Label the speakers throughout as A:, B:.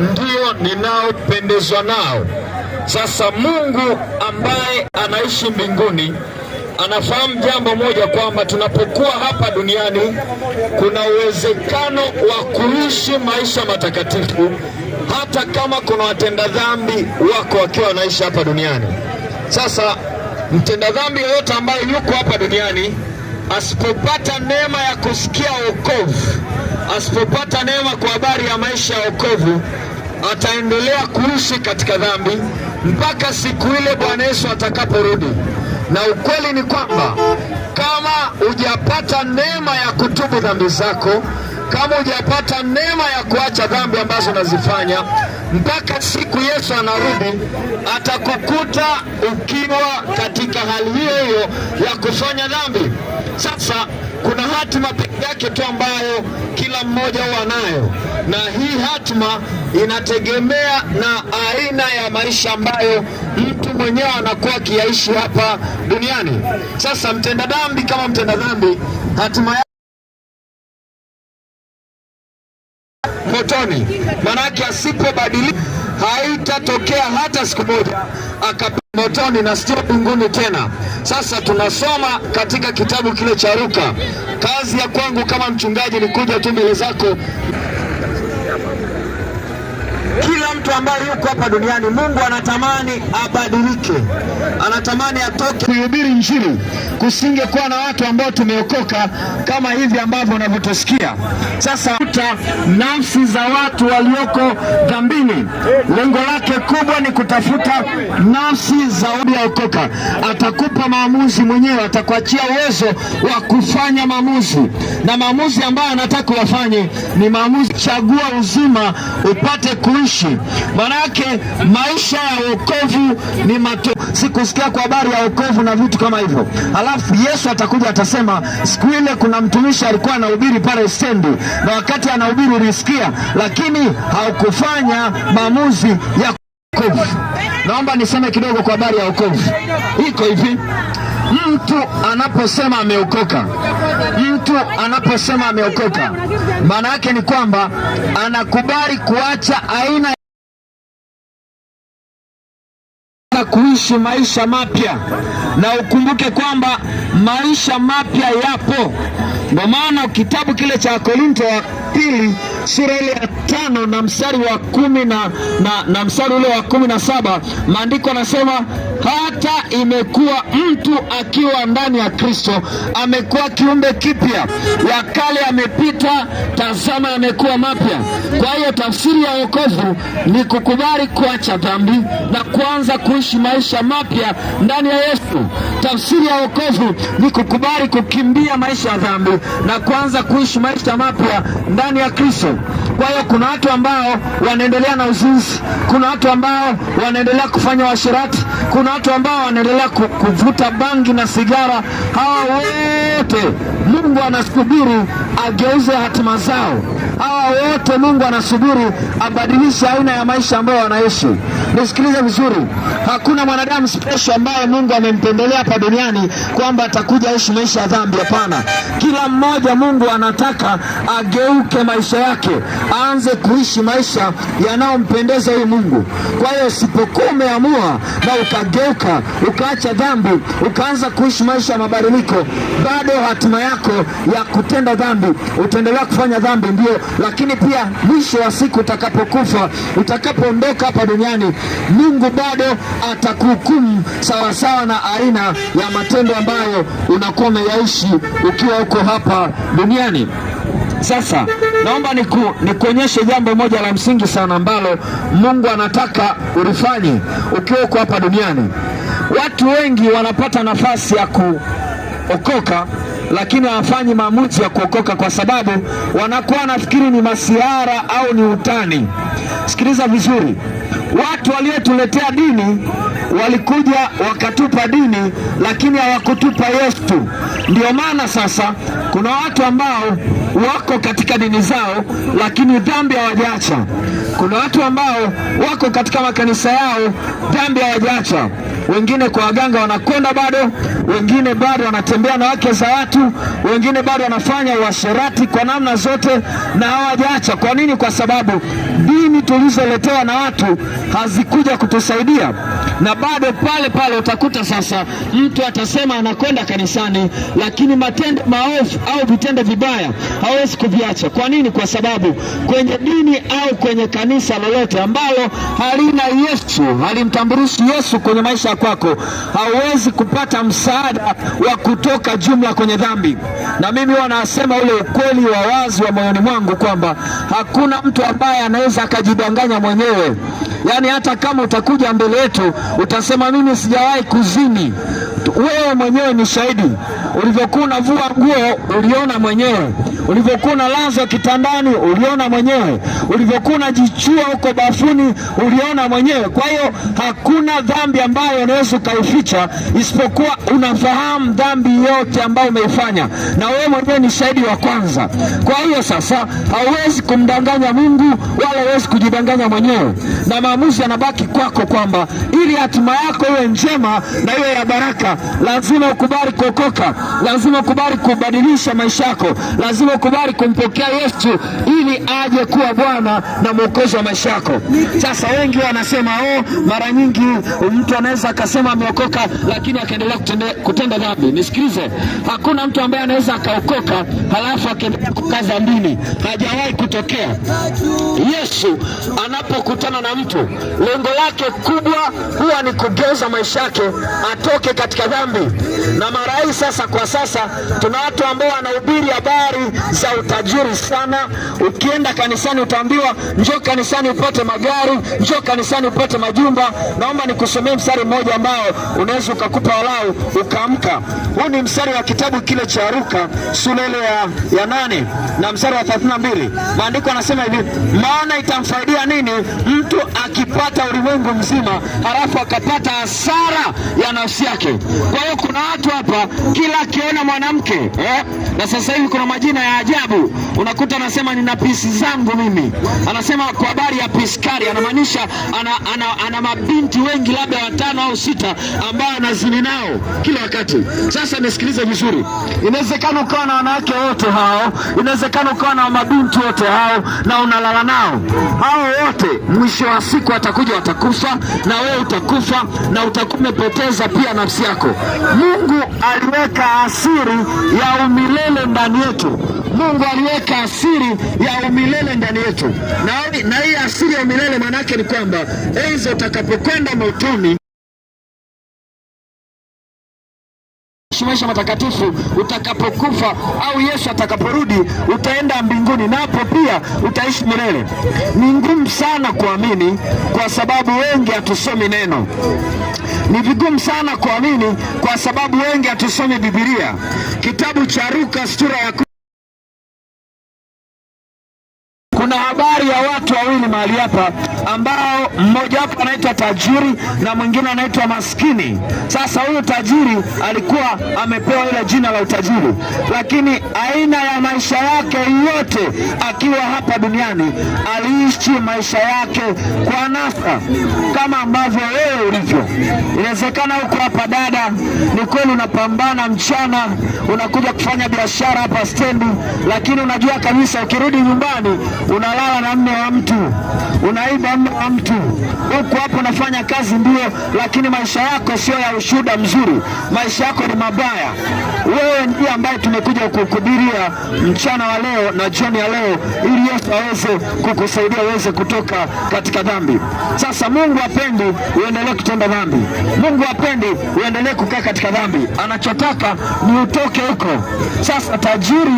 A: ndio ninaopendezwa nao. Sasa Mungu ambaye anaishi mbinguni anafahamu jambo moja kwamba tunapokuwa hapa duniani kuna uwezekano wa kuishi maisha matakatifu hata kama kuna watenda dhambi wako wakiwa wanaishi hapa duniani. Sasa mtenda dhambi yoyote ambaye yuko hapa duniani asipopata neema ya kusikia wokovu, asipopata neema kwa habari ya maisha ya wokovu ataendelea kuishi katika dhambi mpaka siku ile Bwana Yesu atakaporudi. Na ukweli ni kwamba kama hujapata neema ya kutubu dhambi zako, kama hujapata neema ya kuacha dhambi ambazo unazifanya mpaka siku Yesu anarudi, atakukuta ukiwa katika hali hiyo hiyo ya kufanya dhambi. Sasa kuna hatima peke yake tu ambayo kila mmoja huwa nayo, na hii hatima inategemea na aina ya maisha ambayo mtu mwenyewe anakuwa akiyaishi hapa duniani. Sasa mtenda dhambi kama mtenda dhambi hatima motoni, manake asipobadilika haitatokea hata siku moja akapita motoni na sio mbinguni tena. Sasa tunasoma katika kitabu kile cha Luka. Kazi ya kwangu kama mchungaji ni kuja tu mbele zako mtu ambaye yuko hapa duniani, Mungu anatamani abadilike, anatamani atoke kuhubiri Injili. Kusingekuwa na watu ambao tumeokoka kama hivi ambavyo unavyotusikia sasa, uta nafsi za watu walioko dhambini, lengo lake kubwa ni kutafuta nafsi za okoka. Atakupa maamuzi mwenyewe, atakuachia uwezo wa kufanya maamuzi, na maamuzi ambayo anataka wafanye ni maamuzi, chagua uzima upate kuishi. Manake maisha ya wokovu ni mato. Sikusikia kwa habari ya wokovu na vitu kama hivyo, alafu Yesu atakuja atasema, siku ile kuna mtumishi alikuwa anahubiri pale stendi, na wakati anahubiri ulisikia, lakini haukufanya maamuzi ya wokovu. Naomba niseme kidogo kwa habari ya wokovu. Iko hivi, mtu anaposema ameokoka, mtu anaposema ameokoka, maana yake ni kwamba anakubali kuacha aina unataka kuishi maisha mapya, na ukumbuke kwamba maisha mapya yapo. Kwa maana kitabu kile cha Korinto ya pili sura ile ya tano na mstari wa kumi na, na, na mstari ule wa kumi na saba maandiko anasema hata imekuwa mtu akiwa ndani ya Kristo amekuwa kiumbe kipya, ya kale yamepita, tazama yamekuwa mapya. Kwa hiyo tafsiri ya wokovu ni kukubali kuacha dhambi na kuanza kuishi maisha mapya ndani ya Yesu. Tafsiri ya wokovu ni kukubali kukimbia maisha ya dhambi na kuanza kuishi maisha mapya ndani ya Kristo. Kwa hiyo kuna watu ambao wanaendelea na uzinzi, kuna watu ambao wanaendelea kufanya uasherati kuna watu ambao wanaendelea kuvuta bangi na sigara. Hawa wote Mungu anasubiri ageuze hatima zao. Hawa wote Mungu anasubiri abadilishe aina ya maisha ambayo wanaishi. Nisikilize vizuri, hakuna mwanadamu special ambaye Mungu amempendelea hapa duniani kwamba atakuja aishi maisha ya dhambi. Hapana, kila mmoja Mungu anataka ageuke maisha yake, aanze kuishi maisha yanayompendeza huyu Mungu. Kwa hiyo usipokuwa umeamua na ukageuka, ukaacha dhambi, ukaanza kuishi maisha ya mabadiliko, bado hatima yako ya kutenda dhambi dhambi, utaendelea kufanya dhambi ndio, lakini pia mwisho wa siku utakapokufa, utakapoondoka hapa duniani, Mungu bado atakuhukumu sawasawa na aina ya matendo ambayo unakuwa umeyaishi ukiwa huko hapa duniani. Sasa naomba nikuonyeshe jambo moja la msingi sana ambalo Mungu anataka ulifanye ukiwa huko hapa duniani. Watu wengi wanapata nafasi ya kuokoka lakini hawafanyi maamuzi ya kuokoka, kwa sababu wanakuwa wanafikiri ni masiara au ni utani. Sikiliza vizuri, watu waliotuletea dini walikuja wakatupa dini, lakini hawakutupa Yesu. Ndio maana sasa kuna watu ambao wako katika dini zao, lakini dhambi hawajaacha. Kuna watu ambao wako katika makanisa yao, dhambi hawajaacha wengine kwa waganga wanakonda bado, wengine bado wanatembea na wake za watu, wengine bado wanafanya uasherati kwa namna zote na hawajaacha. Kwa nini? Kwa sababu dini tulizoletewa na watu hazikuja kutusaidia na bado pale pale utakuta sasa mtu atasema anakwenda kanisani, lakini matendo maovu au vitendo vibaya hawezi kuviacha. Kwa nini? Kwa sababu kwenye dini au kwenye kanisa lolote ambalo halina Yesu, halimtambulishi Yesu kwenye maisha yako, kwako, hauwezi kupata msaada wa kutoka jumla kwenye dhambi. Na mimi wanasema ule ukweli wa wazi wa moyoni mwangu kwamba hakuna mtu ambaye anaweza akajidanganya mwenyewe, yaani hata kama utakuja mbele yetu Utasema mimi sijawahi kuzini. Wewe mwenyewe ni shahidi ulivyokuwa unavua nguo uliona mwenyewe, ulivyokuwa unalazwa kitandani uliona mwenyewe, ulivyokuwa unajichua huko bafuni uliona mwenyewe. Kwa hiyo hakuna dhambi ambayo unaweza ukaificha, isipokuwa unafahamu dhambi yote ambayo umeifanya, na wewe mwenyewe ni shahidi wa kwanza. Kwa hiyo sasa hauwezi kumdanganya Mungu wala huwezi kujidanganya mwenyewe, na maamuzi yanabaki kwako kwamba ili hatima yako iwe njema na iwe ya baraka, lazima ukubali kuokoka lazima ukubali kubadilisha maisha yako, lazima ukubali kumpokea Yesu ili aje kuwa Bwana na mwokozi wa maisha yako. Sasa wengi wanasema oh, mara nyingi mtu anaweza akasema ameokoka, lakini akaendelea kutenda dhambi. Nisikilize, hakuna mtu ambaye anaweza akaokoka halafu akaendelea kukaza dini, hajawahi kutokea. Yesu anapokutana na mtu, lengo lake kubwa huwa ni kugeuza maisha yake atoke katika dhambi, na mara hii sasa kwa sasa tuna watu ambao wanahubiri habari za utajiri sana. Ukienda kanisani utaambiwa njoo kanisani upate magari, njoo kanisani upate majumba. Naomba nikusomee mstari mmoja ambao unaweza ukakupa walau ukaamka. Huu ni mstari wa kitabu kile cha Ruka sura ile ya, ya nane na mstari wa 32. Maandiko anasema hivi, maana itamfaidia nini mtu akipata ulimwengu mzima halafu akapata hasara ya nafsi yake? Kwa hiyo kuna watu hapa kila akiona mwanamke eh? Na sasa hivi kuna majina ya ajabu, unakuta anasema nina pisi zangu mimi, anasema kwa habari ya piskari, anamaanisha ana, ana, ana mabinti wengi labda watano au sita ambao anazini nao kila wakati. Sasa nisikilize vizuri, inawezekana ukawa na wanawake wote hao, inawezekana ukawa na mabinti wote hao na unalala nao hao wote, mwisho wa siku watakuja watakufa, na wewe utakufa na utakumepoteza pia nafsi yako. Mungu aliweka aliweka asiri ya umilele ndani yetu. Mungu aliweka asiri ya umilele ndani yetu, na hii asiri ya umilele maana yake ni kwamba enzi utakapokwenda motoni utaishi maisha matakatifu. Utakapokufa au Yesu atakaporudi, utaenda mbinguni, napo pia utaishi milele. Ni ngumu sana kuamini, kwa sababu wengi hatusomi neno ni vigumu sana kuamini kwa sababu wengi hatusomi Biblia. Kitabu cha Luka sura ya habari ya watu wawili mahali hapa ambao mmoja wapo anaitwa tajiri na mwingine anaitwa maskini. Sasa huyu tajiri alikuwa amepewa ile jina la utajiri, lakini aina ya maisha yake yote akiwa hapa duniani aliishi maisha yake kwa nasa, kama ambavyo wewe ulivyo. Inawezekana huko hapa, dada, ni kweli unapambana mchana, unakuja kufanya biashara hapa stendi, lakini unajua kabisa ukirudi nyumbani unala unalala na mme wa mtu, unaiba mme wa mtu, huku hapo unafanya kazi ndio, lakini maisha yako sio ya ushuhuda mzuri, maisha yako ni mabaya. Wewe ndiye ambaye tumekuja kukuhubiria mchana wa leo na jioni ya leo, ili Yesu aweze kukusaidia uweze kutoka katika dhambi. Sasa Mungu apende uendelee kutenda dhambi, Mungu apende uendelee kukaa katika dhambi, anachotaka ni utoke huko. Sasa tajiri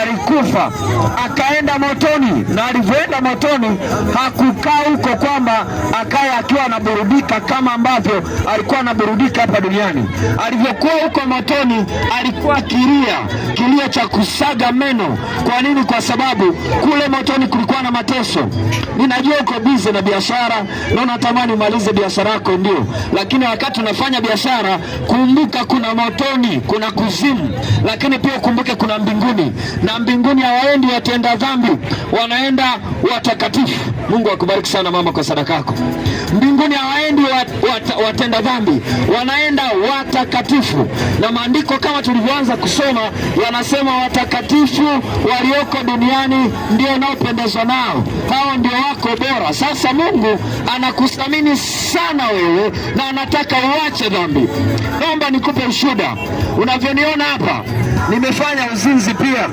A: alikufa akaenda motoni na anavyoenda motoni hakukaa huko kwamba akaye akiwa anaburudika kama ambavyo alikuwa anaburudika hapa duniani. Alivyokuwa huko motoni, alikuwa kilia kilio cha kusaga meno. Kwa nini? Kwa sababu kule motoni kulikuwa na mateso. Ninajua uko bize na biashara na unatamani umalize biashara yako, ndio, lakini wakati unafanya biashara kumbuka, kuna motoni, kuna kuzimu, lakini pia ukumbuke kuna mbinguni, na mbinguni hawaendi watenda dhambi, wanaenda sana watakatifu. Mungu akubariki sana mama kwa sadaka yako. Mbinguni hawaendi wat, wat, watenda dhambi, wanaenda watakatifu, na maandiko kama tulivyoanza kusoma yanasema watakatifu walioko duniani ndio wanaopendezwa nao, hao ndio wako bora. Sasa Mungu anakuthamini sana wewe na anataka uache dhambi. Naomba nikupe ushuhuda, Unavyoniona hapa, nimefanya uzinzi pia,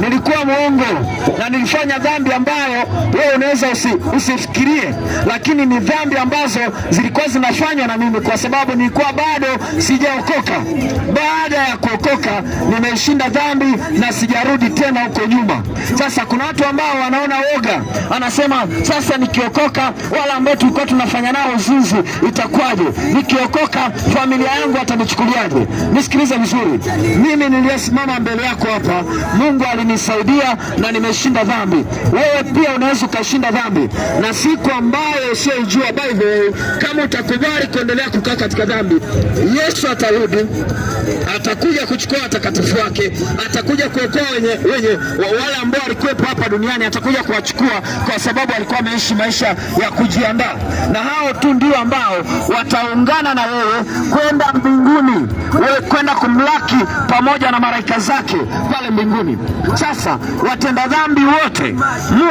A: nilikuwa mwongo na nilifanya dhambi ambayo ambayo wewe unaweza usi, usifikirie, lakini ni dhambi ambazo zilikuwa zinafanywa na mimi, kwa sababu nilikuwa bado sijaokoka. Baada ya kuokoka, nimeshinda dhambi na sijarudi tena huko nyuma. Sasa kuna watu ambao wanaona woga, anasema sasa nikiokoka, wala ambao tulikuwa tunafanya nao uzinzi, itakuwaje? Nikiokoka familia yangu atanichukuliaje? Nisikilize vizuri, mimi niliyesimama mbele yako hapa, Mungu alinisaidia na nimeshinda dhambi. Wewe pia unaweza ukashinda dhambi, na siku ambayo usioijua. By kama utakubali kuendelea kukaa katika dhambi, Yesu atarudi, atakuja kuchukua watakatifu wake, atakuja kuokoa wenye, wenye wale ambao walikuwepo hapa duniani, atakuja kuwachukua kwa sababu alikuwa ameishi maisha ya kujiandaa, na hao tu ndio ambao wataungana na wewe kwenda mbinguni, wewe kwenda kumlaki pamoja na malaika zake pale mbinguni. Sasa watenda dhambi wote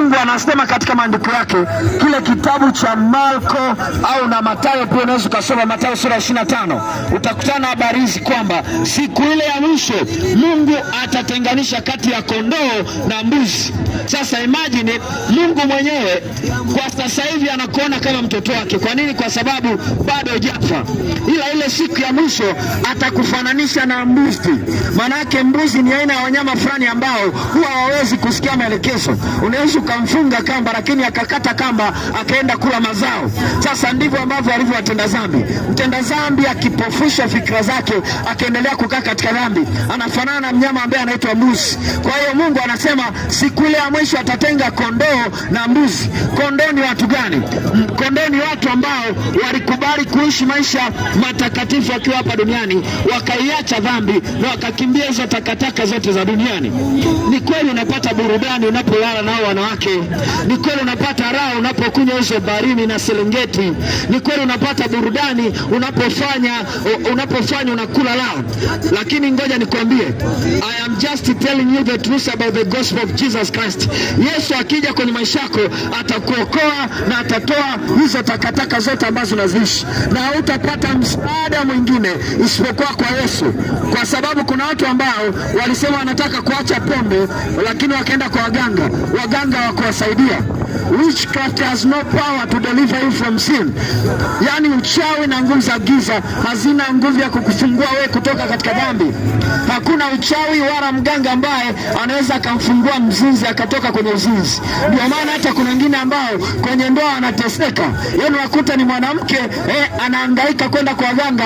A: Mungu anasema katika maandiko yake, kile kitabu cha Marko au na Mathayo pia unaweza ukasoma Mathayo sura ya 25, utakutana habari hizi kwamba siku ile ya mwisho Mungu atatenganisha kati ya kondoo na mbuzi. Sasa imagine Mungu mwenyewe kwa sasa hivi anakuona kama mtoto wake. Kwa nini? Kwa sababu bado hajafa, ila ile siku ya mwisho atakufananisha na mbuzi. yake mbuzi ni aina ya wanyama fulani ambao huwa hawawezi kusikia maelekezo. Unaweza akamfunga kamba, lakini akakata kamba akaenda kula mazao. Sasa ndivyo ambavyo alivyo watenda dhambi. Mtenda dhambi akipofusha fikra zake akaendelea kukaa katika dhambi, anafanana na mnyama ambaye anaitwa mbuzi. Kwa hiyo Mungu anasema siku ile ya mwisho atatenga kondoo na mbuzi. Kondoo ni watu gani? Kondoo ni watu ambao walikubali kuishi maisha matakatifu wakiwa hapa duniani, wakaiacha dhambi na wakakimbia hizo takataka zote za duniani. Ni kweli unapata burudani unapolala nao wanawake yake. Ni kweli unapata raha unapokunywa hizo barini na Serengeti. Ni kweli unapata burudani unapofanya unapofanya unakula lao, lakini ngoja nikwambie, I am just telling you the truth about the gospel of Jesus Christ. Yesu akija kwenye maisha yako atakuokoa na atatoa hizo takataka zote ambazo unazishi na hautapata msaada mwingine isipokuwa kwa Yesu, kwa sababu kuna watu ambao walisema wanataka kuacha pombe, lakini wakaenda kwa waganga waganga na kuwasaidia witchcraft has no power to deliver you from sin. Yani, uchawi na nguvu za giza hazina nguvu ya kukufungua wewe kutoka katika dhambi. Hakuna uchawi wala mganga ambaye anaweza akamfungua mzinzi akatoka kwenye uzinzi. Ndio maana hata kuna wengine ambao kwenye ndoa wanateseka, yaani unakuta ni mwanamke eh, anahangaika kwenda kwa waganga.